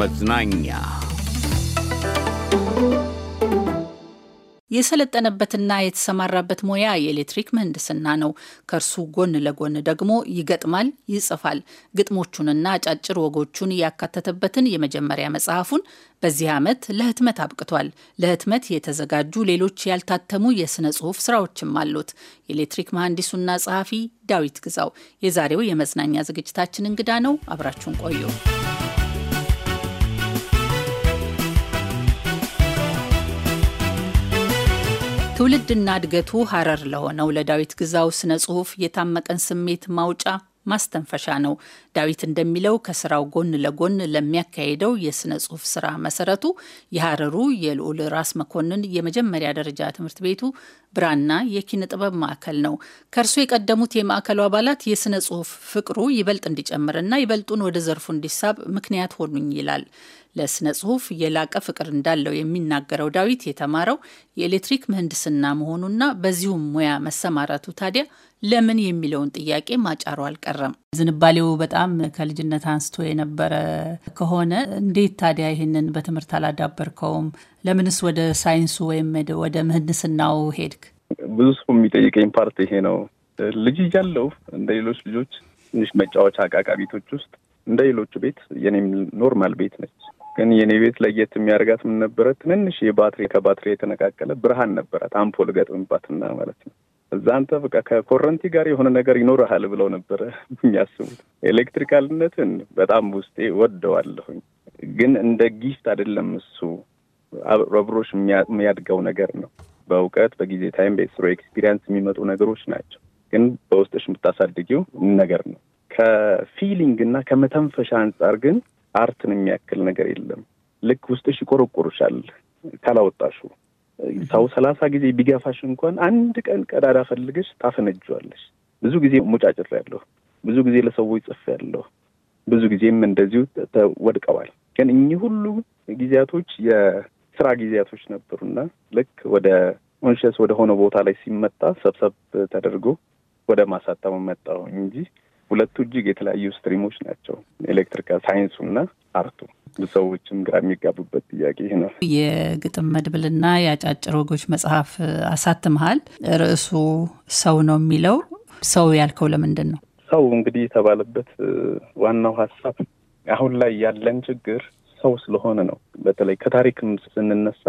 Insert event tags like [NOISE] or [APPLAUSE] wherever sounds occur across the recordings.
መዝናኛ የሰለጠነበትና የተሰማራበት ሙያ የኤሌክትሪክ ምህንድስና ነው። ከእርሱ ጎን ለጎን ደግሞ ይገጥማል፣ ይጽፋል። ግጥሞቹንና አጫጭር ወጎቹን ያካተተበትን የመጀመሪያ መጽሐፉን በዚህ ዓመት ለህትመት አብቅቷል። ለህትመት የተዘጋጁ ሌሎች ያልታተሙ የሥነ ጽሑፍ ስራዎችም አሉት። የኤሌክትሪክ መሐንዲሱና ጸሐፊ ዳዊት ግዛው የዛሬው የመዝናኛ ዝግጅታችን እንግዳ ነው። አብራችሁን ቆዩ። ትውልድና እድገቱ ሀረር ለሆነው ለዳዊት ግዛው ስነ ጽሁፍ የታመቀን ስሜት ማውጫ ማስተንፈሻ ነው። ዳዊት እንደሚለው ከስራው ጎን ለጎን ለሚያካሄደው የስነ ጽሁፍ ስራ መሰረቱ የሀረሩ የልዑል ራስ መኮንን የመጀመሪያ ደረጃ ትምህርት ቤቱ ብራና የኪነ ጥበብ ማዕከል ነው። ከእርሱ የቀደሙት የማዕከሉ አባላት የሥነ ጽሑፍ ፍቅሩ ይበልጥ እንዲጨምርና ይበልጡን ወደ ዘርፉ እንዲሳብ ምክንያት ሆኑኝ ይላል። ለሥነ ጽሑፍ የላቀ ፍቅር እንዳለው የሚናገረው ዳዊት የተማረው የኤሌክትሪክ ምህንድስና መሆኑና በዚሁም ሙያ መሰማራቱ ታዲያ ለምን የሚለውን ጥያቄ ማጫሩ አልቀረም። ዝንባሌው በጣም ከልጅነት አንስቶ የነበረ ከሆነ እንዴት ታዲያ ይህንን በትምህርት አላዳበርከውም? ለምንስ ወደ ሳይንሱ ወይም ወደ ምህንድስናው ሄድክ? ብዙ ሰው የሚጠይቀኝ ፓርት ይሄ ነው። ልጅ እያለሁ እንደ ሌሎች ልጆች ትንሽ መጫወቻ አቃቃ ቤቶች ውስጥ እንደ ሌሎቹ ቤት የኔም ኖርማል ቤት ነች። ግን የኔ ቤት ለየት የሚያደርጋት ምን ነበረ? ትንንሽ የባትሪ ከባትሪ የተነቃቀለ ብርሃን ነበራት። አምፖል ገጥምባትና ማለት ነው። እዛ አንተ በቃ ከኮረንቲ ጋር የሆነ ነገር ይኖረሃል ብለው ነበረ የሚያስቡት። ኤሌክትሪካልነትን በጣም ውስጤ ወደዋለሁኝ። ግን እንደ ጊፍት አይደለም እሱ አብሮሽ የሚያድገው ነገር ነው። በእውቀት በጊዜ ታይም በኤክስትሮ ኤክስፒሪንስ የሚመጡ ነገሮች ናቸው። ግን በውስጥሽ የምታሳድጊው ነገር ነው። ከፊሊንግ እና ከመተንፈሻ አንጻር ግን አርትን የሚያክል ነገር የለም። ልክ ውስጥሽ ይቆረቆርሻል ካላወጣሹ። ሰው ሰላሳ ጊዜ ቢገፋሽ እንኳን አንድ ቀን ቀዳዳ ፈልገሽ ታፈነጅዋለሽ ብዙ ጊዜ ሙጫጭር ያለሁ ብዙ ጊዜ ለሰዎች ጽፍ ያለሁ ብዙ ጊዜም እንደዚሁ ወድቀዋል። ግን እኚህ ሁሉ ጊዜያቶች ስራ ጊዜያቶች ነበሩና ልክ ወደ ኮንሽስ ወደ ሆነ ቦታ ላይ ሲመጣ ሰብሰብ ተደርጎ ወደ ማሳተሙ መጣው እንጂ ሁለቱ እጅግ የተለያዩ ስትሪሞች ናቸው። ኤሌክትሪካል ሳይንሱና አርቱ ሰዎችም ግራ የሚጋቡበት ጥያቄ ይህ ነው። የግጥም መድብልና የአጫጭር ወጎች መጽሐፍ አሳትመሃል። ርዕሱ ሰው ነው የሚለው ሰው ያልከው ለምንድን ነው? ሰው እንግዲህ የተባለበት ዋናው ሀሳብ አሁን ላይ ያለን ችግር ሰው ስለሆነ ነው። በተለይ ከታሪክ ስንነሳ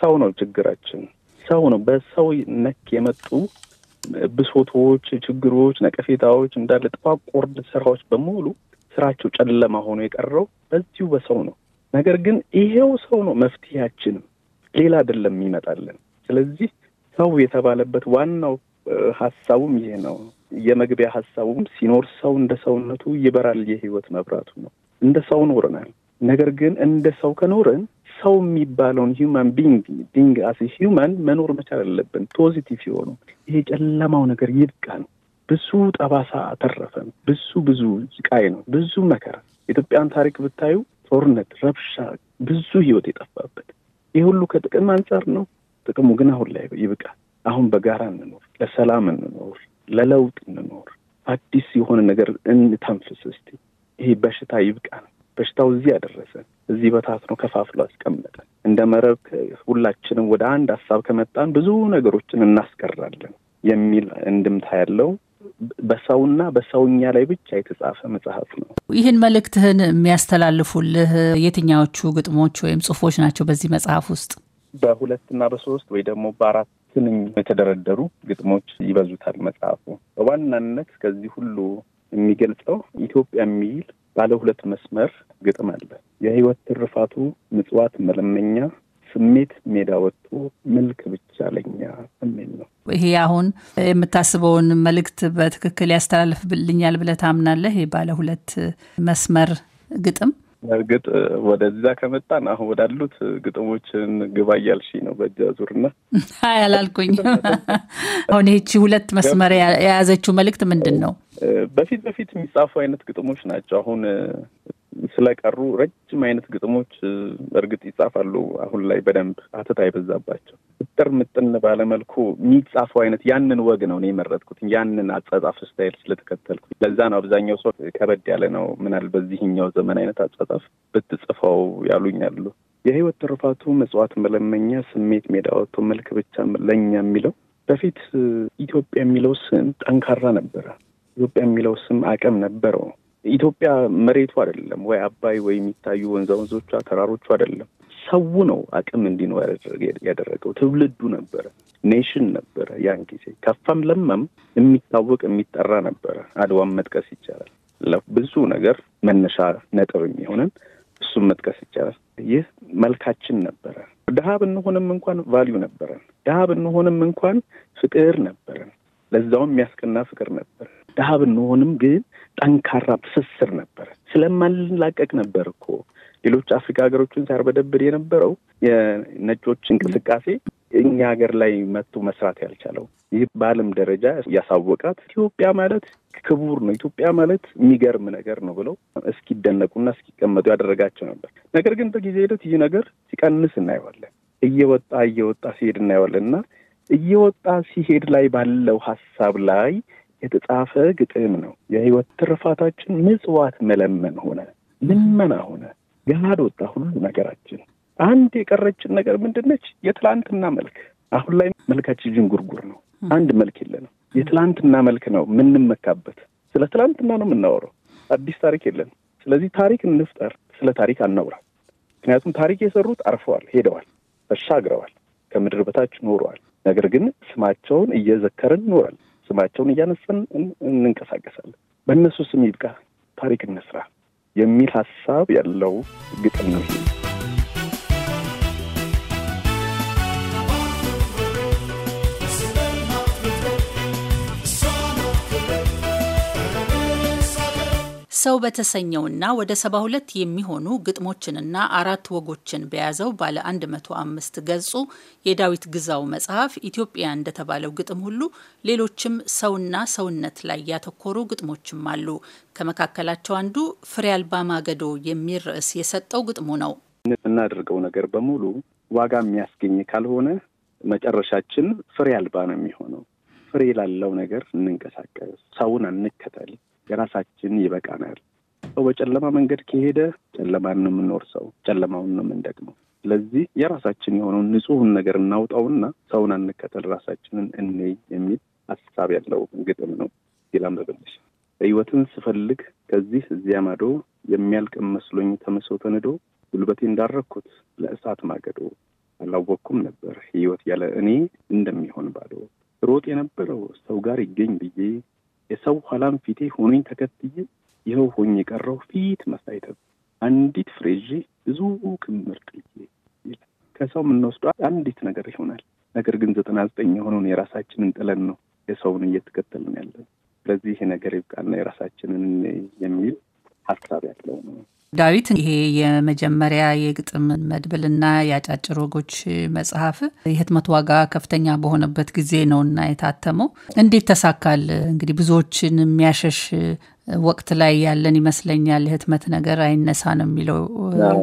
ሰው ነው ችግራችን። ሰው ነው በሰው ነክ የመጡ ብሶቶች፣ ችግሮች፣ ነቀፌታዎች እንዳለ ጥቋቁርድ ስራዎች በሙሉ ስራቸው ጨለማ ሆኖ የቀረው በዚሁ በሰው ነው። ነገር ግን ይሄው ሰው ነው መፍትሄያችንም ሌላ አይደለም ይመጣልን። ስለዚህ ሰው የተባለበት ዋናው ሀሳቡም ይሄ ነው። የመግቢያ ሀሳቡም ሲኖር ሰው እንደ ሰውነቱ ይበራል የህይወት መብራቱ ነው። እንደ ሰው ኖረናል። ነገር ግን እንደ ሰው ከኖርን ሰው የሚባለውን ሂውማን ቢንግ ቢንግ አስ ሂውማን መኖር መቻል አለብን። ፖዚቲቭ ሲሆኑ ይሄ ጨለማው ነገር ነው። ብዙ ጠባሳ አተረፈን። ብዙ ብዙ ስቃይ ነው፣ ብዙ መከራ። የኢትዮጵያን ታሪክ ብታዩ ጦርነት፣ ረብሻ፣ ብዙ ህይወት የጠፋበት ይህ ሁሉ ከጥቅም አንጻር ነው። ጥቅሙ ግን አሁን ላይ ይብቃል። አሁን በጋራ እንኖር፣ ለሰላም እንኖር፣ ለለውጥ እንኖር፣ አዲስ የሆነ ነገር እንተንፍስ። እስቲ ይሄ በሽታ ይብቃ ነው። በሽታው እዚህ ያደረሰን፣ እዚህ በታትኖ ከፋፍሎ አስቀመጠን እንደ መረብ ሁላችንም ወደ አንድ ሀሳብ ከመጣን ብዙ ነገሮችን እናስቀራለን የሚል እንድምታ ያለው በሰውና በሰውኛ ላይ ብቻ የተጻፈ መጽሐፍ ነው። ይህን መልእክትህን የሚያስተላልፉልህ የትኛዎቹ ግጥሞች ወይም ጽሁፎች ናቸው? በዚህ መጽሐፍ ውስጥ በሁለትና በሶስት ወይ ደግሞ በአራት ስንኝ የተደረደሩ ግጥሞች ይበዙታል መጽሐፉ። በዋናነት ከዚህ ሁሉ የሚገልጸው ኢትዮጵያ የሚል ባለ ሁለት መስመር ግጥም አለ። የህይወት ትርፋቱ ምጽዋት መለመኛ ስሜት ሜዳ ወጥቶ መልክ ብቻ ለኛ የሚል ነው። ይሄ አሁን የምታስበውን መልእክት በትክክል ያስተላልፍልኛል ብለህ ታምናለህ? ይሄ ባለ ሁለት መስመር ግጥም እርግጥ ወደዛ ከመጣን አሁን ወዳሉት ግጥሞችን ግባ እያልሽ ነው። በእጅ ዙርና አይ አላልኩኝ። አሁን ይቺ ሁለት መስመር የያዘችው መልእክት ምንድን ነው? በፊት በፊት የሚጻፉ አይነት ግጥሞች ናቸው። አሁን ስለቀሩ ረጅም አይነት ግጥሞች እርግጥ ይጻፋሉ። አሁን ላይ በደንብ አተት የበዛባቸው ጥር ምጥን ባለመልኩ የሚጻፉ አይነት ያንን ወግ ነው እኔ የመረጥኩት። ያንን አጻጻፍ ስታይል ስለተከተልኩ ለዛ ነው አብዛኛው ሰው ከበድ ያለ ነው ምናል በዚህኛው ዘመን አይነት አጻጻፍ ብትጽፈው ያሉኛሉ። የህይወት ትርፋቱ መጽዋት መለመኛ ስሜት ሜዳ ወጥቶ መልክ ብቻ ለኛ የሚለው በፊት ኢትዮጵያ የሚለው ስም ጠንካራ ነበረ። ኢትዮጵያ የሚለው ስም አቅም ነበረው። ኢትዮጵያ መሬቱ አይደለም ወይ አባይ ወይ የሚታዩ ወንዛ ወንዞቿ ተራሮቹ አይደለም ሰው ነው አቅም እንዲኖር ያደረገው ትውልዱ ነበረ፣ ኔሽን ነበረ። ያን ጊዜ ከፋም ለማም የሚታወቅ የሚጠራ ነበረ። አድዋም መጥቀስ ይቻላል። ብዙ ነገር መነሻ ነጥብ የሚሆንን እሱም መጥቀስ ይቻላል። ይህ መልካችን ነበረ። ድሀ ብንሆንም እንኳን ቫሊዩ ነበረን። ድሀ ብንሆንም እንኳን ፍቅር ነበረን። ለዛውም የሚያስቀና ፍቅር ነበር። ድሀ ብንሆንም ግን ጠንካራ ትስስር ነበረ። ስለማንላቀቅ ነበር እኮ ሌሎች አፍሪካ ሀገሮችን ሲያርበደብር የነበረው የነጮች እንቅስቃሴ እኛ ሀገር ላይ መጥቶ መስራት ያልቻለው ይህ በዓለም ደረጃ ያሳወቃት ኢትዮጵያ ማለት ክቡር ነው፣ ኢትዮጵያ ማለት የሚገርም ነገር ነው ብለው እስኪደነቁና እስኪቀመጡ ያደረጋቸው ነበር። ነገር ግን በጊዜ ሂደት ይህ ነገር ሲቀንስ እናየዋለን። እየወጣ እየወጣ ሲሄድ እናየዋለን እና እየወጣ ሲሄድ ላይ ባለው ሀሳብ ላይ የተጻፈ ግጥም ነው። የህይወት ትርፋታችን ምጽዋት መለመን ሆነ፣ ልመና ሆነ፣ ገሃድ ወጣ ሁሉ ነገራችን። አንድ የቀረችን ነገር ምንድነች? የትላንትና መልክ። አሁን ላይ መልካችን ዥንጉርጉር ነው። አንድ መልክ የለንም። የትላንትና መልክ ነው የምንመካበት። ስለ ትላንትና ነው የምናወረው? አዲስ ታሪክ የለን። ስለዚህ ታሪክ እንፍጠር፣ ስለ ታሪክ አናውራ። ምክንያቱም ታሪክ የሰሩት አርፈዋል፣ ሄደዋል፣ ተሻግረዋል፣ ከምድር በታች ኖረዋል። ነገር ግን ስማቸውን እየዘከርን ኖራል። ስማቸውን እያነሳን እንንቀሳቀሳለን። በእነሱ ስም ይብቃ ታሪክ እንስራ የሚል ሀሳብ ያለው ግጥም ነው። ሰው በተሰኘውና ወደ 72 የሚሆኑ ግጥሞችንና አራት ወጎችን በያዘው ባለ 105 ገጹ የዳዊት ግዛው መጽሐፍ ኢትዮጵያ እንደተባለው ግጥም ሁሉ ሌሎችም ሰውና ሰውነት ላይ ያተኮሩ ግጥሞችም አሉ። ከመካከላቸው አንዱ ፍሬ አልባ ማገዶ የሚል ርዕስ የሰጠው ግጥሙ ነው። የምናደርገው ነገር በሙሉ ዋጋ የሚያስገኝ ካልሆነ መጨረሻችን ፍሬ አልባ ነው የሚሆነው። ፍሬ ላለው ነገር እንንቀሳቀስ፣ ሰውን አንከተል የራሳችን ይበቃናል። ሰው በጨለማ መንገድ ከሄደ ጨለማን ነው ሰው ጨለማውን ነው የምንደቅመው። ስለዚህ የራሳችን የሆነውን ንጹህን ነገር እናውጣውና ሰውን አንከተል፣ ራሳችንን እኔ የሚል ሀሳብ ያለው ግጥም ነው። ይላም በበልሽ ህይወትን ስፈልግ ከዚህ እዚያ ማዶ የሚያልቅ መስሎኝ ተመሶ ተንዶ ጉልበቴ እንዳረግኩት ለእሳት ማገዶ አላወቅኩም ነበር ህይወት ያለ እኔ እንደሚሆን ባዶ ሮጥ የነበረው ሰው ጋር ይገኝ ብዬ የሰው ኋላም ፊቴ ሆኖኝ ተከትዬ ይኸው ሆኜ የቀረው ፊት መሳይተ አንዲት ፍሬ ብዙ ክምር ጥዬ ከሰው የምንወስዱ አንዲት ነገር ይሆናል። ነገር ግን ዘጠና ዘጠኝ የሆነውን የራሳችንን ጥለን ነው የሰውን እየተከተልን ያለን። ስለዚህ ይሄ ነገር ይብቃና የራሳችንን የሚል ሀሳብ ያለው ነው። ዳዊት ይሄ የመጀመሪያ የግጥም መድብልና የአጫጭር ወጎች መጽሐፍ የህትመት ዋጋ ከፍተኛ በሆነበት ጊዜ ነውና የታተመው። እንዴት ተሳካል? እንግዲህ ብዙዎችን የሚያሸሽ ወቅት ላይ ያለን ይመስለኛል። የህትመት ነገር አይነሳ ነው የሚለው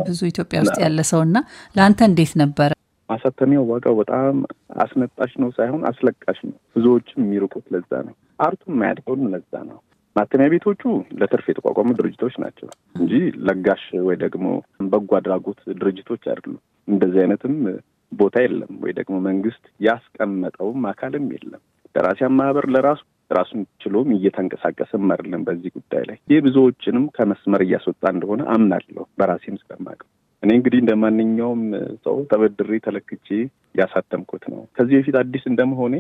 ብዙ ኢትዮጵያ ውስጥ ያለ ሰው እና ለአንተ እንዴት ነበረ? ማሳተሚያው ዋጋው በጣም አስነጣሽ ነው ሳይሆን አስለቃሽ ነው። ብዙዎችም የሚርቁት ለዛ ነው። አርቱም የማያድገውም ለዛ ነው። ማተሚያ ቤቶቹ ለትርፍ የተቋቋሙ ድርጅቶች ናቸው እንጂ ለጋሽ ወይ ደግሞ በጎ አድራጎት ድርጅቶች አይደሉም። እንደዚህ አይነትም ቦታ የለም፣ ወይ ደግሞ መንግስት ያስቀመጠውም አካልም የለም። ደራሲያን ማህበር ለራሱ ራሱን ችሎም እየተንቀሳቀሰም አይደለም በዚህ ጉዳይ ላይ። ይህ ብዙዎችንም ከመስመር እያስወጣ እንደሆነ አምናለሁ፣ በራሴም ስለማቅም እኔ እንግዲህ እንደ ማንኛውም ሰው ተበድሬ ተለክቼ ያሳተምኩት ነው። ከዚህ በፊት አዲስ እንደመሆኔ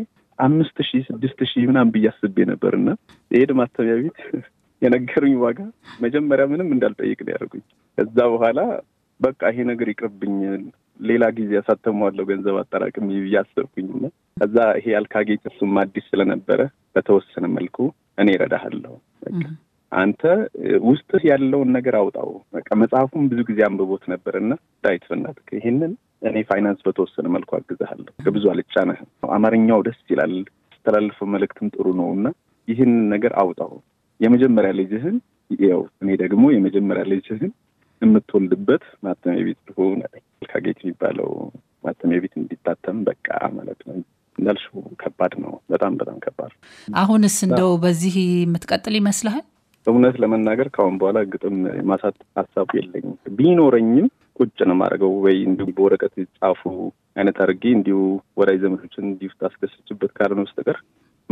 አምስት ሺህ ስድስት ሺህ ምናምን ብዬ አስቤ ነበር እና የሄድ ማተሚያ ቤት [LAUGHS] የነገሩኝ ዋጋ መጀመሪያ ምንም እንዳልጠይቅ ነው ያደርጉኝ። ከዛ በኋላ በቃ ይሄ ነገር ይቅርብኝ፣ ሌላ ጊዜ ያሳተመዋለሁ ገንዘብ አጠራቅም ብዬ አሰብኩኝ እና ከዛ ይሄ አልካጌ ቅርሱም አዲስ ስለነበረ በተወሰነ መልኩ እኔ እረዳሃለሁ አንተ ውስጥ ያለውን ነገር አውጣው። በቃ መጽሐፉን ብዙ ጊዜ አንብቦት ነበር እና ዳዊት ይህንን እኔ ፋይናንስ በተወሰነ መልኩ አግዝሃለሁ፣ ብዙ አልጫነህም። አማርኛው ደስ ይላል፣ ስተላልፈው መልእክትም ጥሩ ነው እና ይህን ነገር አውጣው። የመጀመሪያ ልጅህን ው እኔ ደግሞ የመጀመሪያ ልጅህን የምትወልድበት ማተሚያ ቤት ልሆን ልካጌት የሚባለው ማተሚያ ቤት እንዲታተም በቃ ማለት ነው። እንዳልሽው ከባድ ነው፣ በጣም በጣም ከባድ። አሁንስ እንደው በዚህ የምትቀጥል ይመስልሃል? እውነት ለመናገር ካሁን በኋላ ግጥም የማሳት ሀሳብ የለኝም። ቢኖረኝም ቁጭ ነው ማድረገው ወይ እንዲሁ በወረቀት ጻፉ አይነት አድርጌ እንዲሁ ወዳጅ ዘመዶችን እንዲሁ ታስገሰችበት ካልሆነ በስተቀር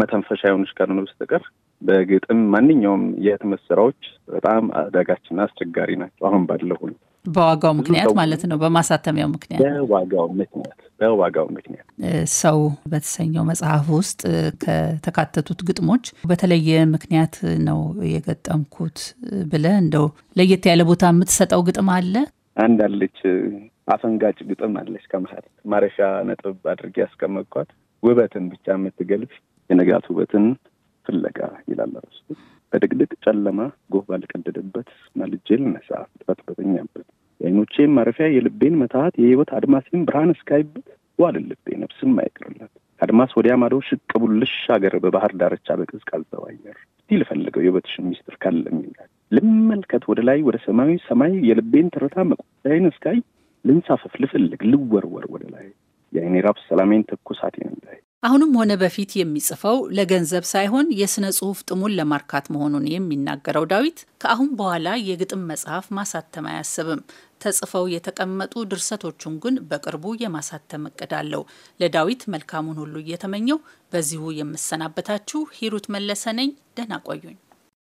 መተንፈሻ የሆነች ካልሆነ በስተቀር በግጥም ማንኛውም የህትመት ስራዎች በጣም አዳጋችና አስቸጋሪ ናቸው። አሁን ባለው በዋጋው ምክንያት ማለት ነው፣ በማሳተሚያው ምክንያት በዋጋው ምክንያት በዋጋው ምክንያት ሰው በተሰኘው መጽሐፍ ውስጥ ከተካተቱት ግጥሞች በተለየ ምክንያት ነው የገጠምኩት ብለህ እንደው ለየት ያለ ቦታ የምትሰጠው ግጥም አለ? አንድ አለች፣ አፈንጋጭ ግጥም አለች። ከመሀል ማረሻ ነጥብ አድርጌ ያስቀመጥኳት ውበትን ብቻ የምትገልጽ የነጋት ውበትን ፍለጋ ይላል በድቅድቅ ጨለማ ጎህ ባልቀደደበት መልጄ ልነሳ ፍጥረት በተኛም የዓይኖቼም ማረፊያ የልቤን መታት የህይወት አድማሴን ብርሃን እስካይ ዋልልቤ ልቤ ነፍስም አይቅርላት አድማስ ወዲያ ማዶ ሽቅ ቡልሽ ሀገር በባህር ዳርቻ በቀዝቃዛው አየር እስቲ ልፈልገው የበትሽ ሚስጥር ካለ ልመልከት ወደ ላይ ወደ ሰማያዊ ሰማይ የልቤን ትርታ መቆጣይን እስካይ ልንሳፈፍ ልፈልግ ልወርወር ወደ ላይ የአይኔ ራብ ሰላሜን ትኩሳቴን አሁንም ሆነ በፊት የሚጽፈው ለገንዘብ ሳይሆን የሥነ ጽሑፍ ጥሙን ለማርካት መሆኑን የሚናገረው ዳዊት ከአሁን በኋላ የግጥም መጽሐፍ ማሳተም አያስብም። ተጽፈው የተቀመጡ ድርሰቶቹን ግን በቅርቡ የማሳተም እቅድ አለው። ለዳዊት መልካሙን ሁሉ እየተመኘው በዚሁ የምሰናበታችሁ ሂሩት መለሰ ነኝ። ደህና ቆዩኝ።